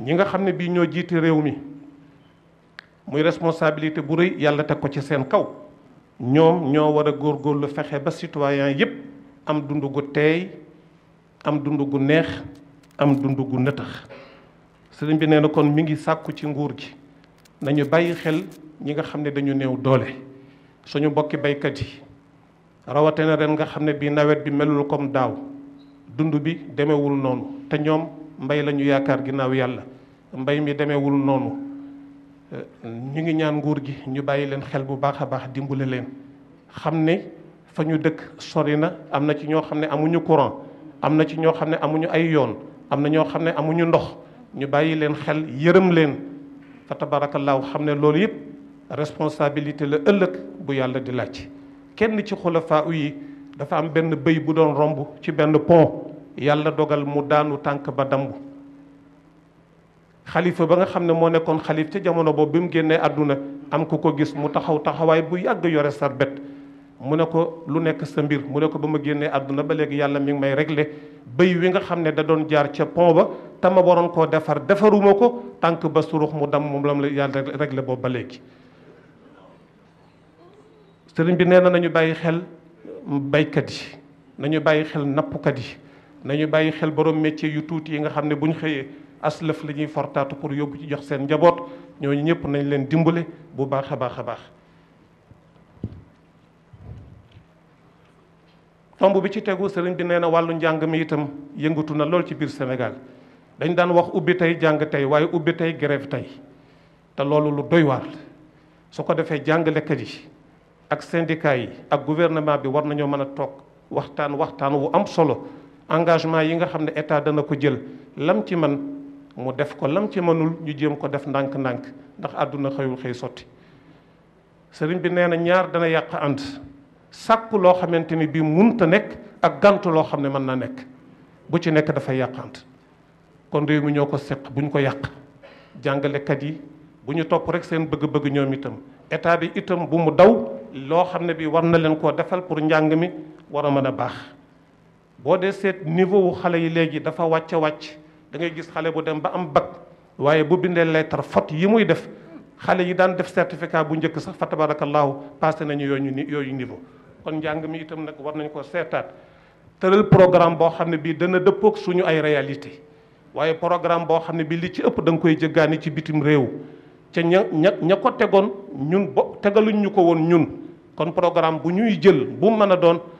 ñi nga xam ne bii ñoo jiite réew mi muy responsabilité bu rëy yàlla teg ko ci seen kaw ñoom ñoo war a góorgóorlu fexe ba citoyen yépp am dund gu teey am dund gu neex am dund gu nëtëx sëriñ bi nee na kon mi ngi sàkku ci nguur gi nañu bàyyi xel ñi nga xam ne dañu néew doole suñu mbokki baykat yi rawatina ren nga xam ne bii nawet bi melul comme daaw dund bi demewul noonu te ñoom mbay la ñu yaakaar ginnaaw yàlla mbay mi demeewul noonu eh, ñu ngi ñaan nguur gi ñu bàyyi leen xel bu baax a baax dimbale leen xam ne fa ñu dëkk sori na am na ci ñoo xam ne amuñu courant am na ci ñoo xam ne amuñu ay yoon am na ñoo xam ne amuñu ndox ñu bàyyi leen xel yërëm leen fa tabarakallaahu xam ne loolu yëpp responsabilité la ëllëg bu yàlla di laaj kenn ci xulafaa yi dafa am benn bëy bu doon romb ci benn pont yàlla dogal mu daanu tànk ba dambu xalifa ba nga xam ne moo nekkoon xalif ca jamono boobu bi mu génnee àdduna am ku ko gis mu taxaw taxawaay bu yàgg yore sarbet mu ne ko lu nekk sa mbir mu ne ko ba ma génnee àdduna ba léegi yàlla mi ngi may régler bay wi nga xam ne da doon jaar ca pont ba te ma waroon koo defar defaruma ko tànk ba surux mu dam moom lam la yàlla régler boobu ba léegi sëriñ bi nee na nañu bàyyi xel baykat yi nañu bàyyi xel nappkat yi nañu bàyyi xel borom métier yu tuuti yi nga xam ne bu ñu xëyee aslëf la ñuy fortaatu pour yóbbu ci jox seen njaboot ñooñu ñëpp nañ leen dimbale bu baax a baax a baax tomb bi ci tegu sëriñ bi nee na wàllu njàng mi itam yëngatu na lool ci biir senegal dañ daan wax ubbi tey jàng tey waaye ubbi tey grève tey te loolu lu doy waar su ko defee jàngalekat yi ak syndicat yi ak gouvernement bi war nañoo mën a toog waxtaan waxtaan wu am solo engagement yi nga xamne ne état dana ko jël lam ci man mu def ko lam ci manul ñu jëm ko def ndànk-ndànk ndax aduna xëyul xëy soti serigne bi neena na ñaar dana yàq ant sàkku lo xamanteni bi munta nek ak gàntu lo xamne man na nek bu ci nekk dafay yàq ant kon réew mi ñoko sekk buñ ko yàq jangale kat yi buñu top rek seen bëgg-bëgg ñoom itam état bi itam bu mu daw lo xamne bi war na leen ko defal pour njàng mi wara mëna mën baax boo dee seet niveau wu xale yi léegi dafa wàcce wàcc da ngay gis xale bu dem ba am bac waaye bu bindee lettre faute yi muy def xale yi daan def certificat bu njëkk sax fa tabarakallahu passé nañu yooyu ni yooyu niveau kon njàng mi itam nag war nañu ko seetaat tëral programme boo xam ne bii dana dëppook suñu ay réalité waaye programme boo xam ne bii li ci ëpp da nga koy jëggaani ci bitim réew ca ña ña ña ko tegoon ñun bo tegaluñu ñu ko woon ñun kon programme bu ñuy jël bu mën a doon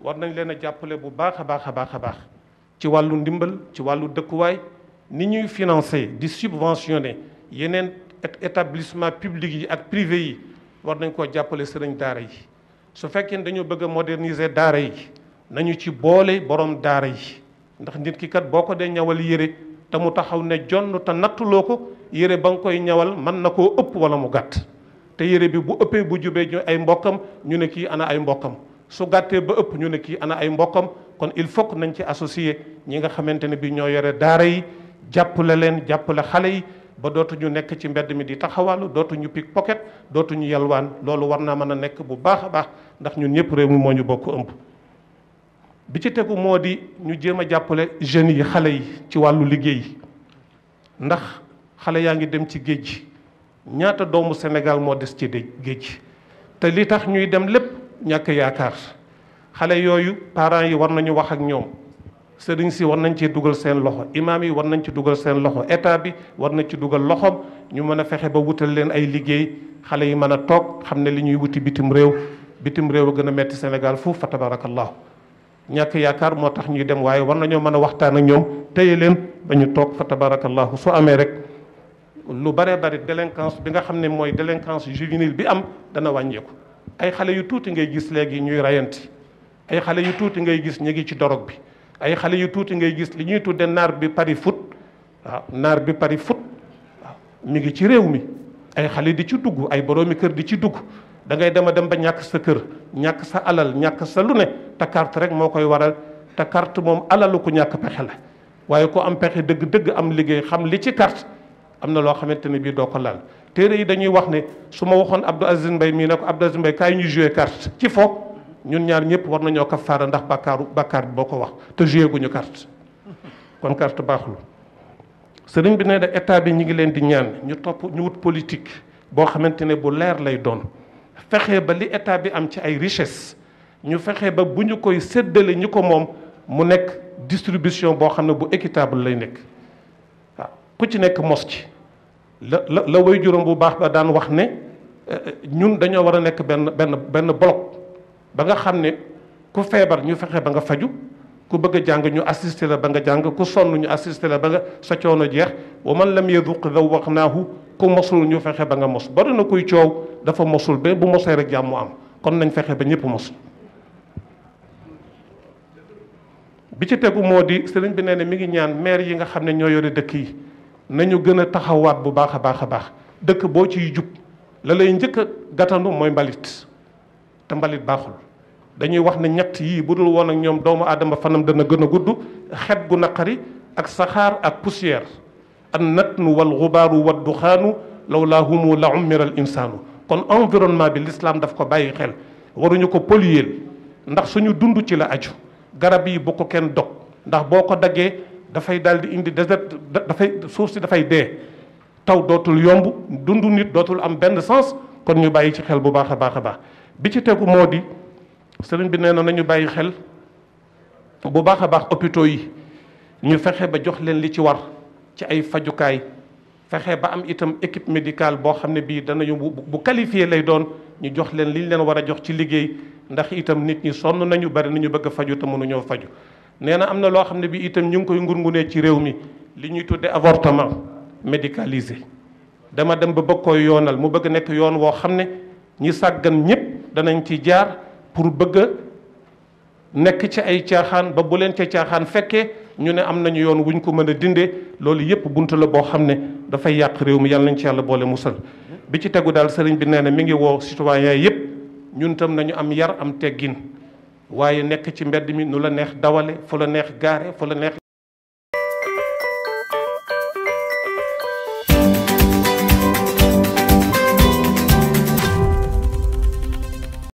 war nañ leen a jàppale bu baax a baax a baax a baax ci wàllu ndimbal ci wàllu dëkkuwaay ni ñuy financer di subventionner yeneen établissement public yi ak privé yi war nañ koo jàppale sëriñ daara yi su fekkee dañoo bëgg a moderniser daara yi nañu ci boole borom daara yi ndax nit ki kat boo ko dee ñawal yére te mu taxaw ne jonn te nattuloo ko yére ba nga koy ñawal mën na koo ëpp wala mu gàtt te yére bi bu ëppee bu jubee ñu ay mbokkam ñu ne kii ana ay mbokkam su gàttee ba ëpp ñu ne kii ana ay mbokkam kon il faut nañ ci associé ñi nga xamante ne bi ñoo yore daara yi jàppale leen jàppale xale yi ba dootu ñu nekk ci mbedd mi di taxawaalu dootuñu pickpocket dootuñu yalwaan loolu war naa mën a nekk bu baax a baax ndax ñun ñëpp réew mi moo ñu bokk ëmb. bi ci tegu moo di ñu jéem a jàppale jeunes yi xale yi ci wàllu liggéey ndax xale yaa ngi dem ci géej ñaata doomu Sénégal moo des ci géej te li tax ñuy dem lépp. ñàkk yaakaar xale yooyu parents yi war nañu wax ak ñoom sëriñ si war nañ ci dugal seen loxo imaam yi war nañ ci dugal seen loxo état bi war na ci dugal loxoom ñu mën a fexe ba wutal leen ay liggéey xale yi mën a toog xam ne li ñuy wuti bitim réew bitim réew a gën a metti Sénégal foofu fa tabarakallahu ñàkk yaakaar moo tax ñuy dem waaye war nañoo mën a waxtaan ak ñoom téye leen ba ñu toog fa tabarakallahu su amee rek lu bare bari délinquance bi nga xam ne mooy délinquance juvénile bi am dana wàññeeku. ay xale yu tuuti ngay gis léegi ñuy rayanti ay xale yu tuuti ngay gis ñu ngi ci dorog bi ay xale yu tuuti ngay gis li ñuy tudde naar bi pari foot waaw naar bi pari foot waaw mi ngi ci réew mi ay xale di ci dugg ay boroomi kër di ci dugg da ngay dem dem ba ñàkk sa kër ñàkk sa alal ñàkk sa lu ne te carte rek moo koy waral te carte moom alalu ku ñàkk pexe la waaye ku am pexe dëgg-dëgg am liggéey xam li ci carte am na loo xamante ne bii doo ko laal téere yi dañuy wax ne su ma waxoon Abdou Aziz Mbaye mii ne ko Abdou Aziz Mbaye kaay ñu joué carte ci foog ñun ñaar ñëpp war nañoo kafaara ndax bàkkaaru bàkkaar bi boo ko wax te joué ñu carte kon carte baaxul sëriñ bi nee na état bi ñu ngi leen di ñaan ñu topp ñu wut politique boo xamante ne bu leer lay doon fexe ba li état bi am ci ay richesse ñu fexe ba bu ñu koy séddale ñu ko moom mu nekk distribution boo xam ne bu équitable lay nekk waaw ku ci nekk mos ci la la la way juróom bu baax ba daan wax ne eh, eh, ñun dañoo war a nekk benn benn benn bloc ba nga xam ne ku feebar ñu fexe ba nga faju ku bëgg a jàng ñu assisté la ba nga jàng ku sonn ñu assisté la ba nga sa coono jeex wa man lam yaduq daw wax naahu ku mosul ñu fexe ba nga mos bari na kuy coow dafa mosul ba bu mosee rek jàmm am kon nañ fexe ba ñëpp mos bi ci tegu moo di sëriñ bi nee ne mi ngi ñaan maire yi nga xam ne ñoo yore dëkk yi nañu gën a taxawaat bu baax a baax a baax dëkk boo ciy jub la lay njëkk a gàttandu mooy mbalit te mbalit baaxul dañuy wax ne ñett yii bu dul woon ak ñoom doomu aadama fanam dana gën a gudd xet gu naqari ak saxaar ak poussière an natnu wal xubaaru wad duxaanu law laa humu la ummira insaanu kon environnement bi l'islam daf ko bàyyi xel waruñu ko polluer ndax suñu dund ci la aju garab yi bu ko kenn dog ndax boo ko daggee dafay daal di indi désert dafay suuf si dafay dee taw dootul yomb dundu nit dootul am benn sens kon ñu bàyyi ci xel bu baax a baax a baax bi ci tegu moo di sëriñ bi nee na nañu bàyyi xel bu baax a baax hôpitaux yi ñu fexe ba jox leen li ci war ci ay fajukaay fexe ba am itam équipe médicale boo xam ne bii danañu bu qualifié lay doon ñu jox leen liñ leen war a jox ci liggéey ndax itam nit ñi sonn nañu bari nañu bëgg a faju te mënuñoo faju nee na am na loo xam ne bi itam ñu ngi koy ngurngunee ci réew mi li ñuy tudde avortement médicalisé dama dem ba bëgg koy yoonal mu bëgg nekk yoon woo xam ne ñi sàggan ñëpp danañ ci jaar pour bëgg nekk ci ay caaxaan ba bu leen ca caaxaan fekkee ñu ne am nañu yoon wuñ ko mën a dindee loolu yëpp bunt la boo xam ne dafay yàq réew mi yàlla nañ ci yàlla boole musal bi ci tegu daal sëriñ bi nee na mi ngi woo citoyen yëpp ñun tam nañu am yar am teggin waaye nekk ci mbedd mi nu la neex dawale fu la neex gaare fu la neex